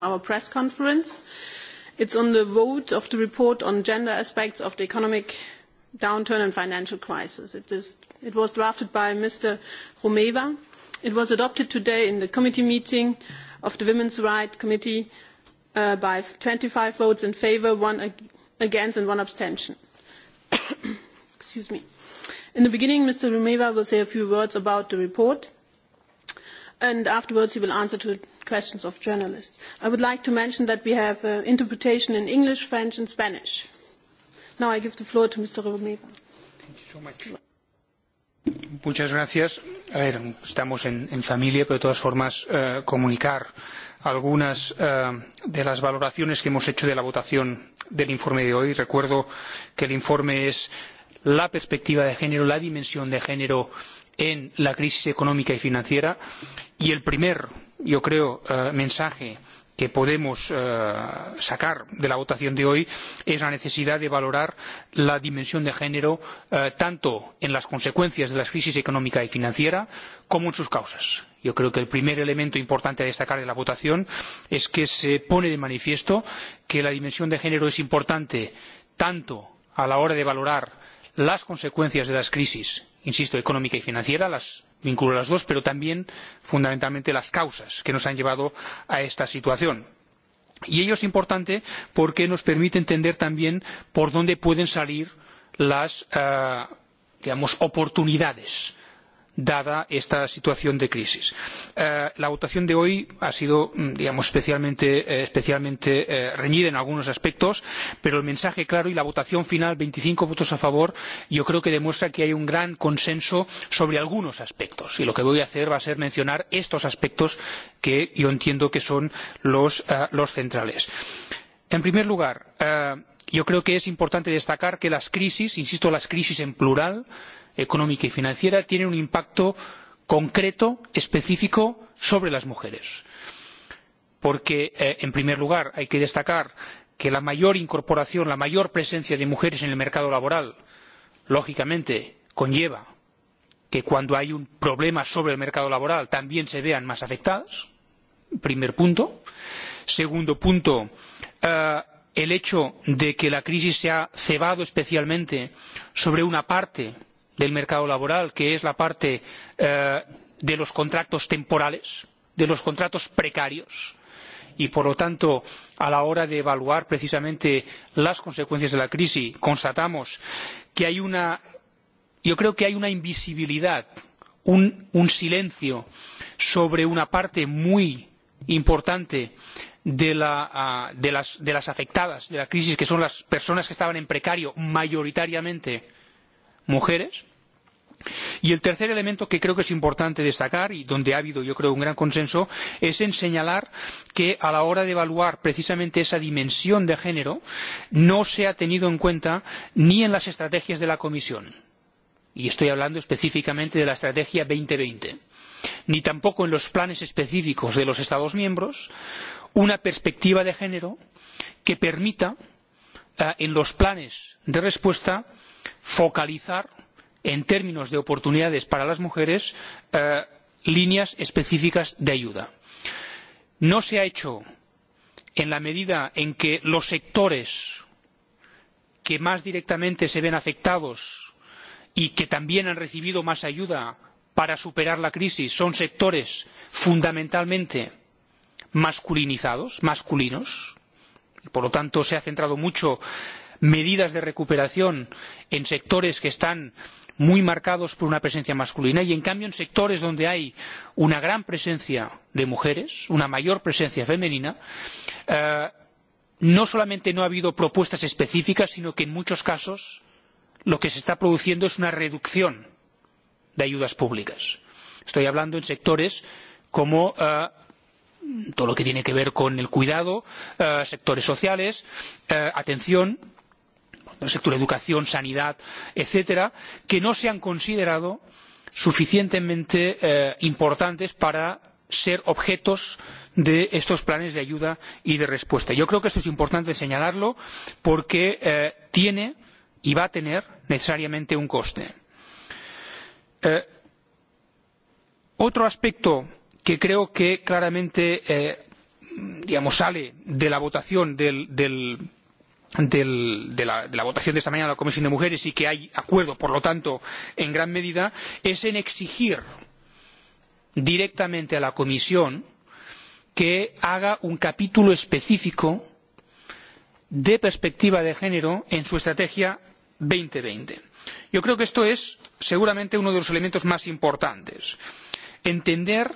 our press conference. It's on the vote of the report on gender aspects of the economic downturn and financial crisis. It, is, it was drafted by Mr. Romeva. It was adopted today in the committee meeting of the Women's Rights Committee uh, by 25 votes in favour, one ag against and one abstention. Excuse me. In the beginning, Mr. Romeva will say a few words about the report, and afterwards he will answer to questions of journalists. I would like to mention that we have uh, interpretation in English, French and Spanish. Now I give the floor to Mr. Romeva. Thank you so much. Muchas gracias. A ver, estamos en, en familia, pero de todas formas eh, comunicar algunas eh, de las valoraciones que hemos hecho de la votación del informe de hoy. Recuerdo que el informe es la perspectiva de género, la dimensión de género en la crisis económica y financiera y el primer yo creo, eh, mensaje que podemos eh, sacar de la votación de hoy es la necesidad de valorar la dimensión de género eh, tanto en las consecuencias de la crisis económica y financiera como en sus causas. Yo creo que el primer elemento importante a destacar de la votación es que se pone de manifiesto que la dimensión de género es importante tanto a la hora de valorar las consecuencias de las crisis, insisto, económica y financiera, las vinculo las dos, pero también fundamentalmente las causas que nos han llevado a esta situación. Y ello es importante porque nos permite entender también por dónde pueden salir las, eh, digamos, oportunidades dada esta situación de crisis. Eh, la votación de hoy ha sido mm, digamos, especialmente, eh, especialmente eh, reñida en algunos aspectos, pero el mensaje claro y la votación final, 25 votos a favor, yo creo que demuestra que hay un gran consenso sobre algunos aspectos. Y lo que voy a hacer va a ser mencionar estos aspectos que yo entiendo que son los, eh, los centrales. En primer lugar, eh, yo creo que es importante destacar que las crisis insisto las crisis en plural económica y financiera tienen un impacto concreto específico sobre las mujeres porque eh, en primer lugar hay que destacar que la mayor incorporación la mayor presencia de mujeres en el mercado laboral lógicamente conlleva que cuando hay un problema sobre el mercado laboral también se vean más afectadas primer punto. segundo punto eh, el hecho de que la crisis se ha cebado especialmente sobre una parte del mercado laboral, que es la parte eh, de los contratos temporales, de los contratos precarios, y por lo tanto a la hora de evaluar precisamente las consecuencias de la crisis constatamos que hay una yo creo que hay una invisibilidad un, un silencio sobre una parte muy importante de, la, de, las, de las afectadas de la crisis, que son las personas que estaban en precario, mayoritariamente mujeres. Y el tercer elemento que creo que es importante destacar y donde ha habido, yo creo, un gran consenso es en señalar que a la hora de evaluar precisamente esa dimensión de género no se ha tenido en cuenta ni en las estrategias de la Comisión y estoy hablando específicamente de la Estrategia 2020 ni tampoco en los planes específicos de los Estados miembros una perspectiva de género que permita eh, en los planes de respuesta focalizar en términos de oportunidades para las mujeres eh, líneas específicas de ayuda. No se ha hecho en la medida en que los sectores que más directamente se ven afectados y que también han recibido más ayuda para superar la crisis son sectores fundamentalmente masculinizados, masculinos. Y por lo tanto, se ha centrado mucho medidas de recuperación en sectores que están muy marcados por una presencia masculina y en cambio en sectores donde hay una gran presencia de mujeres, una mayor presencia femenina, eh, no solamente no ha habido propuestas específicas, sino que en muchos casos lo que se está produciendo es una reducción de ayudas públicas. Estoy hablando en sectores como eh, todo lo que tiene que ver con el cuidado, eh, sectores sociales, eh, atención, el sector educación, sanidad, etcétera, que no se han considerado suficientemente eh, importantes para ser objetos de estos planes de ayuda y de respuesta. Yo creo que esto es importante señalarlo porque eh, tiene y va a tener necesariamente un coste. Eh, otro aspecto que creo que claramente eh, digamos, sale de la votación del, del, del, de, la, de la votación de esta mañana de la Comisión de Mujeres y que hay acuerdo, por lo tanto, en gran medida, es en exigir directamente a la Comisión que haga un capítulo específico de perspectiva de género en su estrategia 2020. Yo creo que esto es seguramente uno de los elementos más importantes. Entender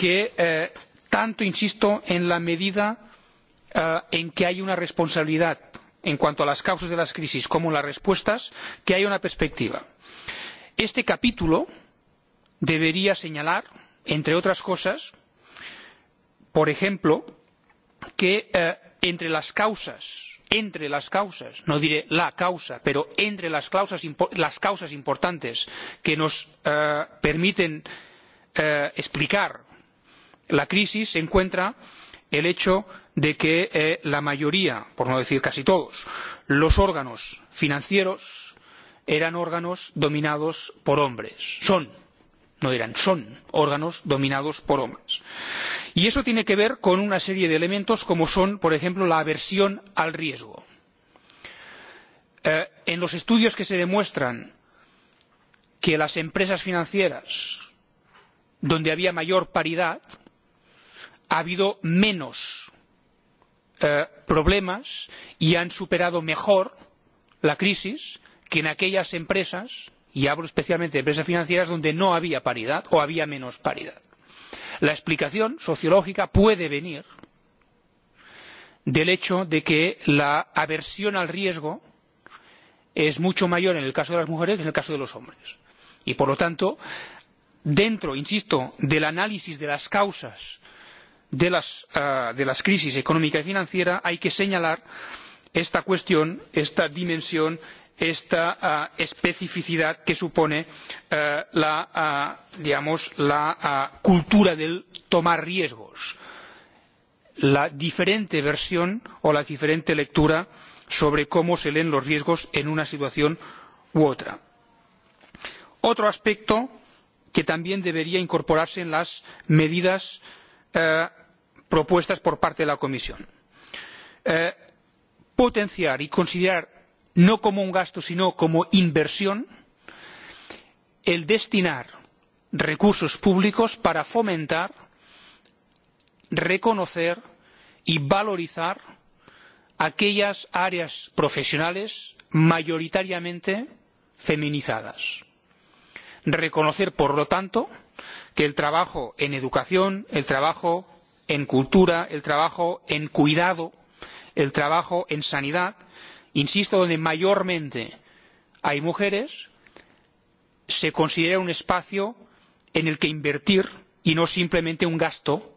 que eh, tanto insisto en la medida eh, en que hay una responsabilidad en cuanto a las causas de las crisis como en las respuestas, que haya una perspectiva. Este capítulo debería señalar, entre otras cosas, por ejemplo, que eh, entre las causas, entre las causas, no diré la causa, pero entre las causas, las causas importantes que nos eh, permiten eh, explicar la crisis se encuentra el hecho de que eh, la mayoría por no decir casi todos los órganos financieros eran órganos dominados por hombres son no eran son órganos dominados por hombres. y eso tiene que ver con una serie de elementos como son por ejemplo la aversión al riesgo. Eh, en los estudios que se demuestran que las empresas financieras donde había mayor paridad ha habido menos eh, problemas y han superado mejor la crisis que en aquellas empresas y hablo especialmente de empresas financieras donde no había paridad o había menos paridad. La explicación sociológica puede venir del hecho de que la aversión al riesgo es mucho mayor en el caso de las mujeres que en el caso de los hombres. Y por lo tanto, dentro, insisto, del análisis de las causas de las, uh, de las crisis económica y financiera hay que señalar esta cuestión, esta dimensión, esta uh, especificidad que supone uh, la, uh, digamos, la uh, cultura del tomar riesgos, la diferente versión o la diferente lectura sobre cómo se leen los riesgos en una situación u otra. Otro aspecto que también debería incorporarse en las medidas eh, propuestas por parte de la Comisión. Eh, potenciar y considerar no como un gasto sino como inversión el destinar recursos públicos para fomentar, reconocer y valorizar aquellas áreas profesionales mayoritariamente feminizadas. Reconocer, por lo tanto, que el trabajo en educación, el trabajo en cultura, el trabajo en cuidado, el trabajo en sanidad, insisto, donde mayormente hay mujeres, se considera un espacio en el que invertir y no simplemente un gasto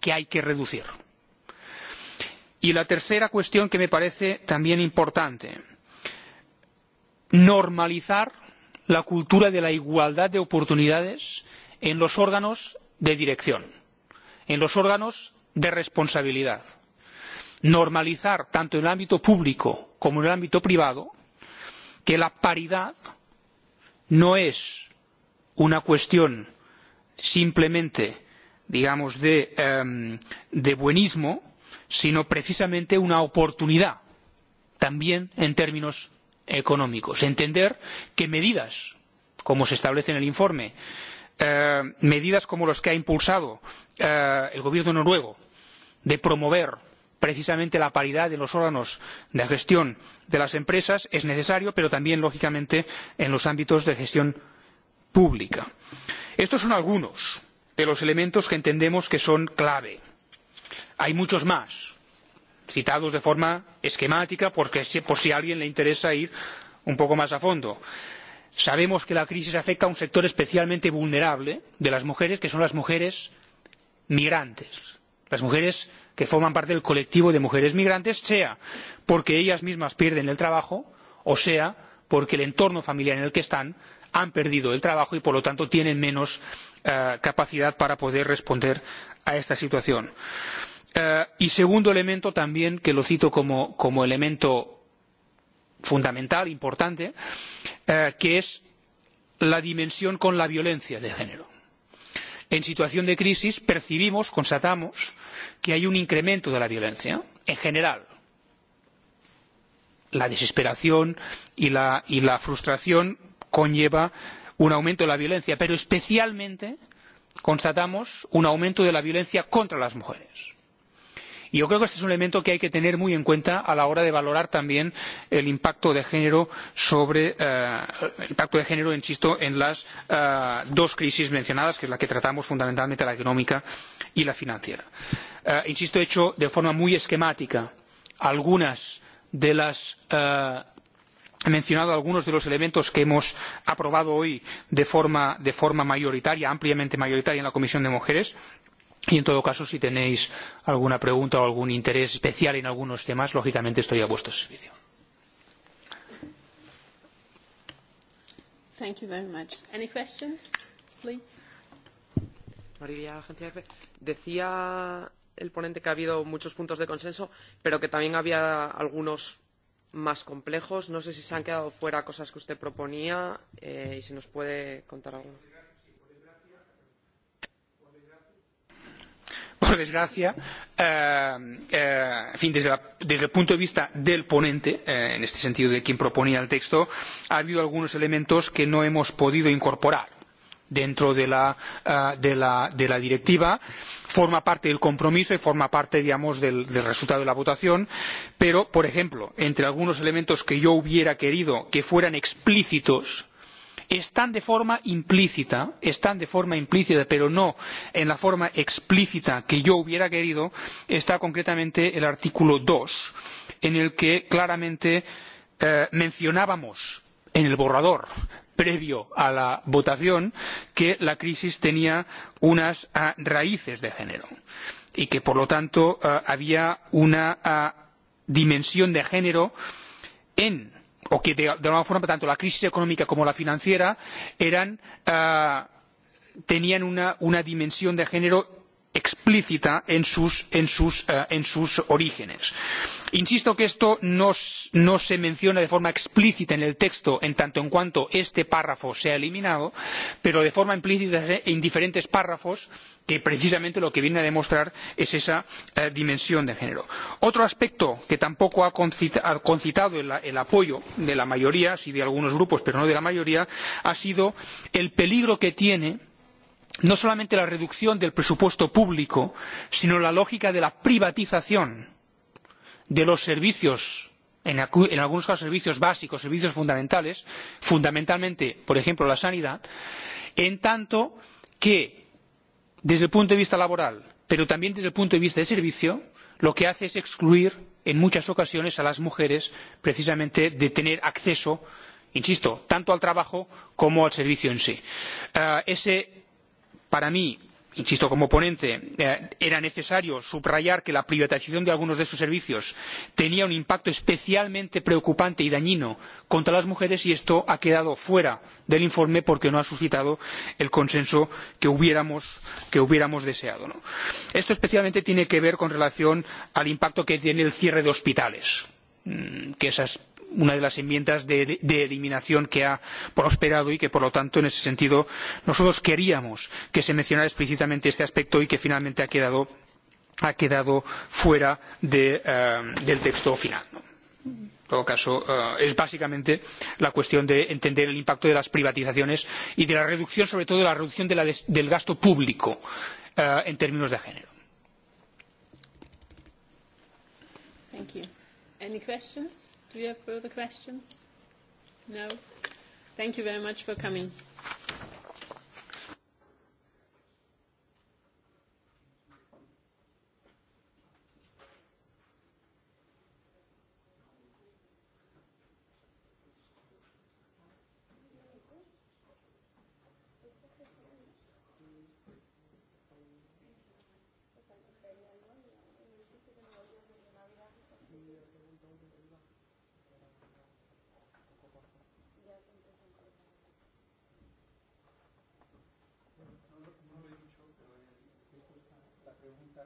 que hay que reducir. Y la tercera cuestión que me parece también importante, normalizar la cultura de la igualdad de oportunidades en los órganos de dirección en los órganos de responsabilidad. Normalizar, tanto en el ámbito público como en el ámbito privado, que la paridad no es una cuestión simplemente, digamos, de, eh, de buenismo, sino precisamente una oportunidad, también en términos económicos. Entender que medidas, como se establece en el informe, Eh, medidas como las que ha impulsado eh, el gobierno noruego de promover precisamente la paridad en los órganos de gestión de las empresas es necesario, pero también, lógicamente, en los ámbitos de gestión pública. Estos son algunos de los elementos que entendemos que son clave. Hay muchos más, citados de forma esquemática, por si a alguien le interesa ir un poco más a fondo sabemos que la crisis afecta a un sector especialmente vulnerable de las mujeres que son las mujeres migrantes las mujeres que forman parte del colectivo de mujeres migrantes sea porque ellas mismas pierden el trabajo o sea porque el entorno familiar en el que están han perdido el trabajo y por lo tanto tienen menos eh, capacidad para poder responder a esta situación. Eh, y segundo elemento también que lo cito como, como elemento fundamental, importante, eh, Eh, que es la dimensión con la violencia de género. En situación de crisis percibimos, constatamos, que hay un incremento de la violencia en general. La desesperación y la, y la frustración conlleva un aumento de la violencia, pero especialmente constatamos un aumento de la violencia contra las mujeres yo creo que este es un elemento que hay que tener muy en cuenta a la hora de valorar también el impacto de género sobre eh, el impacto de género, insisto, en las eh, dos crisis mencionadas, que es la que tratamos fundamentalmente la económica y la financiera. Eh, insisto, he hecho de forma muy esquemática algunas de las eh, He mencionado algunos de los elementos que hemos aprobado hoy de forma, de forma mayoritaria, ampliamente mayoritaria en la Comisión de Mujeres y en todo caso si tenéis alguna pregunta o algún interés especial en algunos temas lógicamente estoy a vuestro servicio. Thank you very much. Any questions, please? María Gentilefe, decía el ponente que ha habido muchos puntos de consenso, pero que también había algunos más complejos. No sé si se han quedado fuera cosas que usted proponía eh, y si nos puede contar alguno. por desgracia, eh, eh, en fin, desde, la, desde el punto de vista del ponente, eh, en este sentido de quien proponía el texto, ha habido algunos elementos que no hemos podido incorporar dentro de la, uh, de la, de la directiva. Forma parte del compromiso y forma parte, digamos, del, del resultado de la votación. Pero, por ejemplo, entre algunos elementos que yo hubiera querido que fueran explícitos están de forma implícita, están de forma implícita, pero no en la forma explícita que yo hubiera querido, está concretamente el artículo 2, en el que claramente eh, mencionábamos en el borrador previo a la votación que la crisis tenía unas ah, raíces de género y que, por lo tanto, a, ah, había una ah, dimensión de género en o que de, de alguna forma tanto la crisis económica como la financiera eran, uh, tenían una, una dimensión de género explícita en sus, en sus, uh, en sus orígenes. Insisto que esto no, no se menciona de forma explícita en el texto en tanto en cuanto este párrafo sea eliminado, pero de forma implícita en diferentes párrafos que precisamente lo que viene a demostrar es esa eh, dimensión de género. Otro aspecto que tampoco ha, concita, ha concitado el, el apoyo de la mayoría, sí de algunos grupos, pero no de la mayoría, ha sido el peligro que tiene no solamente la reducción del presupuesto público sino la lógica de la privatización de los servicios en, algunos casos servicios básicos servicios fundamentales fundamentalmente por ejemplo la sanidad en tanto que desde el punto de vista laboral pero también desde el punto de vista de servicio lo que hace es excluir en muchas ocasiones a las mujeres precisamente de tener acceso insisto tanto al trabajo como al servicio en sí. Uh, ese para mí insisto como ponente eh, era necesario subrayar que la privatización de algunos de sus servicios tenía un impacto especialmente preocupante y dañino contra las mujeres y esto ha quedado fuera del informe porque no ha suscitado el consenso que hubiéramos, que hubiéramos deseado. ¿no? esto especialmente tiene que ver con relación al impacto que tiene el cierre de hospitales mm, que esa es una de las enmiendas de, de eliminación que ha prosperado y que por lo tanto en ese sentido nosotros queríamos que se mencionara explícitamente este aspecto y que finalmente ha quedado, ha quedado fuera de, eh, del texto final. ¿no? En todo caso, eh, es básicamente la cuestión de entender el impacto de las privatizaciones y de la reducción, sobre todo de la reducción de la des, del gasto público eh, en términos de género. Thank you. Any questions? Do you have further questions? No? Thank you very much for coming.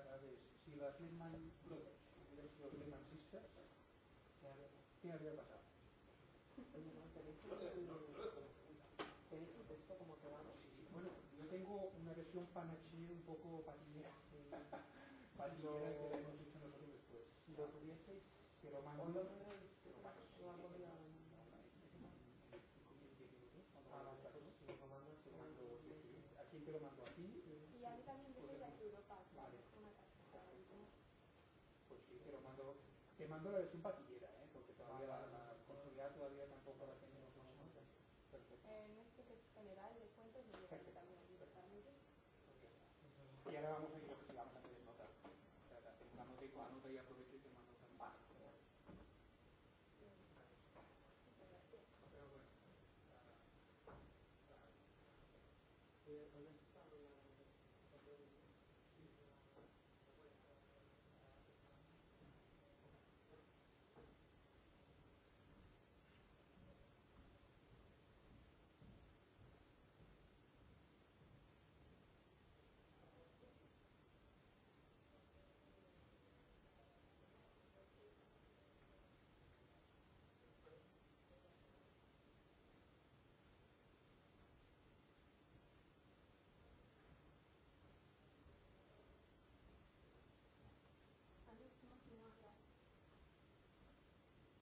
vez, si las Lehman Brothers hubieran sido Lehman Sisters, ¿qué habría pasado? ¿Tenéis un texto como que vamos? Sí, bueno, yo tengo una versión panachir un poco patillera. patillera que la hemos hecho nosotros después. Si lo tuvieseis, pero mandó... que mandó la versión patillera, ¿eh? porque todavía la, eh, la consolidada todavía tampoco la tenemos Perfecto. En este que es general de cuentas, lo voy directamente. Y ahora vamos a ir lo que sigamos antes de notar. O sea, tengo nota y con la nota y aprovecho y te mando también. Eh, vale.